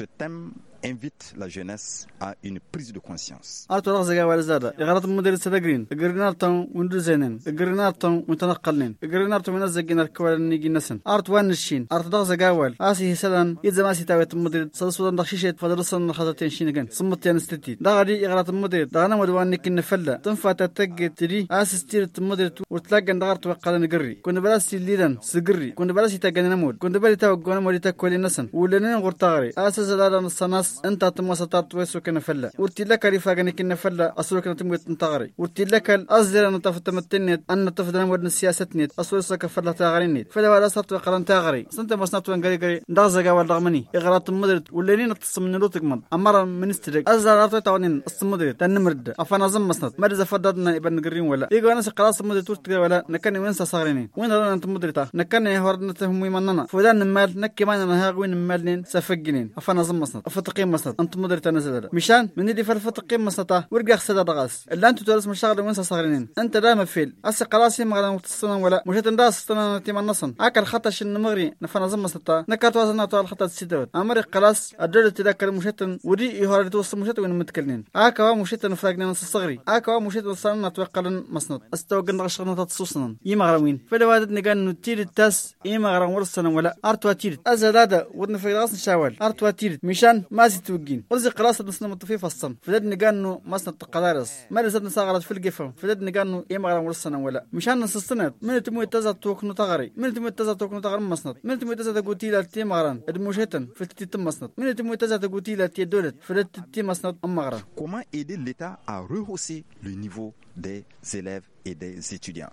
ce thème invite la jeunesse à une prise de conscience. أتوقع زكاة والزادة إغراط المدرسة تجرين إجرينارتون وندوزينين إجرينارتون ونتنقلين إجرينارتون من الزكين الكوال نيجي نسن أرت وان الشين أرت دغ زكاة وال آسي هسلان إذا ما سيتاوي المدير سلسلة نخشيشة فدرسن خزتين شينجن سمت ينستتي دغري إغراط المدير دغنا مدوان نيكي نفلة تنفع تتجي تري آسي ستير المدير وتلاقي دغر توقع نجري كنا بلا سيليدن سجري كنا بلا سيتاقنا نمود كنا بلا تاوقعنا مولي تاكولي نسن ولنا غرتاغري آسي زلالة نصناس بس انت تم تويسو كنا فلا ورتي لك ريفا غني كنا فلا اصلو كنا تموت نتغري ورتي لك الازر ان تفتمتنت ان تفضل مودن سياستنت اصلو سكفلا تغرينت فلا ولا سطو قرن تغري سنت مسنات وان غري غري غا ولا غمني اغراط مدرت ولاني من لوتك من امر منستر ازر ارتو اعطي تعونين الصمدري تنمرد افنا زم مسنات مرز زفدنا ابن قرين ولا ايغو انا خلاص مدرت ورتي ولا نكن وين صغريني وين رانا انت نكن نكني هورنتهم ويمننا فدان مال نكي ما نهاغ وين مالين سفقنين افنا زم مسنات افتق قيمة أنت مدرت نزل مشان من اللي فرفت قيمة سطا ورجع خسر دغاس اللي أنت تدرس مشاغل وين صغرين أنت لا مفيل أسي قراسي مغلا متصنا ولا مشيت الناس صنا تيم النصن أكل خطا شن مغري نفنا زم سطا نكرت وزنا طال خطا سيدوت أمر قلاس أدرت تذكر مشيت ودي يهار توصل مشيت وين متكلنين أكوا مشيت نفرقنا نص صغري أكوا مشيت وصلنا نتوقع مصنط استوى أستوقن نغشغنا تتصوصنا يمغرمين فلا وادت نقال التاس تاس يمغرم ورصنا ولا أرتوا تير أزلادا ودن في راس نشاول أرتوا تير مشان ما قاسي توجين ورزق راسة نسنا مطفي فصم فدد نقانو مسنا تقدارس ما رزت صغرت في القفم فدد نقانو إما غرام ورسنا ولا مشان نصصنا من تمو تزا توك تغري من تمو تزا توك تغرم مسنط من تمو تزا تقوتي لاتي مغران ادموشتن فلتتي تم مسنط من تمو تزا تقوتي تي دولت تي مسنط أم مغران Comment إيدي لتا أ rehausser le niveau des élèves et des étudiants